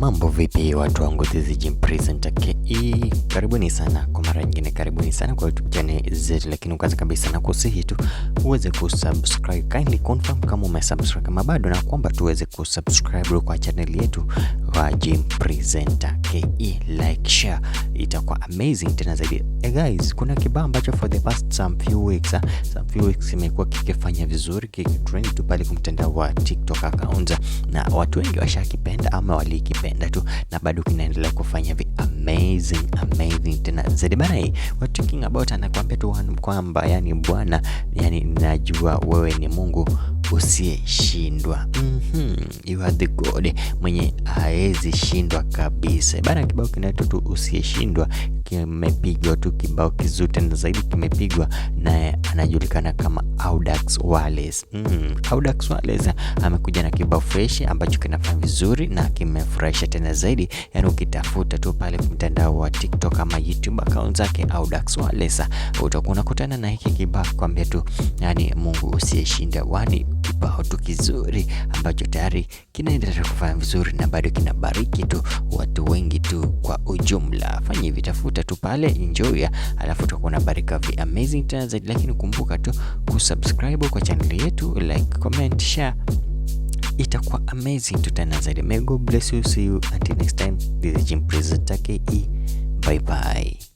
Mambo vipi watu wangu, this KE. Karibuni sana kwa mara nyingine, karibuni sana kwa YouTube channel zetu, lakini ukazi kabisa na kusihi tu uweze kusubscribe, kindly confirm kama umesubscribe, kama bado, na kwamba tuweze kusubscribe kwa channel yetu kwa Jim Presenter KE, like share, itakuwa amazing tena zaidi. Hey eh, guys, kuna kibao ambacho for the past some few weeks uh, some few weeks imekuwa kikifanya vizuri kikitrend tu pale kumtandao wa TikTok account, na watu wengi washakipenda ama walikipenda tu, na bado kinaendelea kufanya vi amazing amazing tena zaidi bana. Hii what talking about, anakuambia tu kwamba yani bwana, yani najua wewe ni Mungu usiyeshindwa. mm -hmm. You are the God mwenye haezi shindwa kabisa bana. Kibao kinaitwa tu usiyeshindwa kimepigwa tu, kibao kizuri tena zaidi kimepigwa naye, anajulikana kama Audax Wales. mm. Audax Wales amekuja na kibao fresh ambacho kinafanya vizuri na kimefurahisha tena zaidi, yaani ukitafuta tu pale mtandao wa TikTok ama YouTube account zake Audax Wales utakuwa unakutana na hiki kibao kwambia tu, yani Mungu usiyeshinda wani kibao tu kizuri ambacho tayari kinaendelea kufanya vizuri na bado kinabariki tu watu wengi tu kwa ujumla. Fanya hivi, tafuta tu pale enjoy, alafu utakuwa na barika vi amazing Tanzania. Lakini kumbuka tu kusubscribe kwa channel yetu, like, comment, share itakuwa amazing tutana zaidi. May God bless you, see you until next time. This is Jim Presenter KE, bye bye.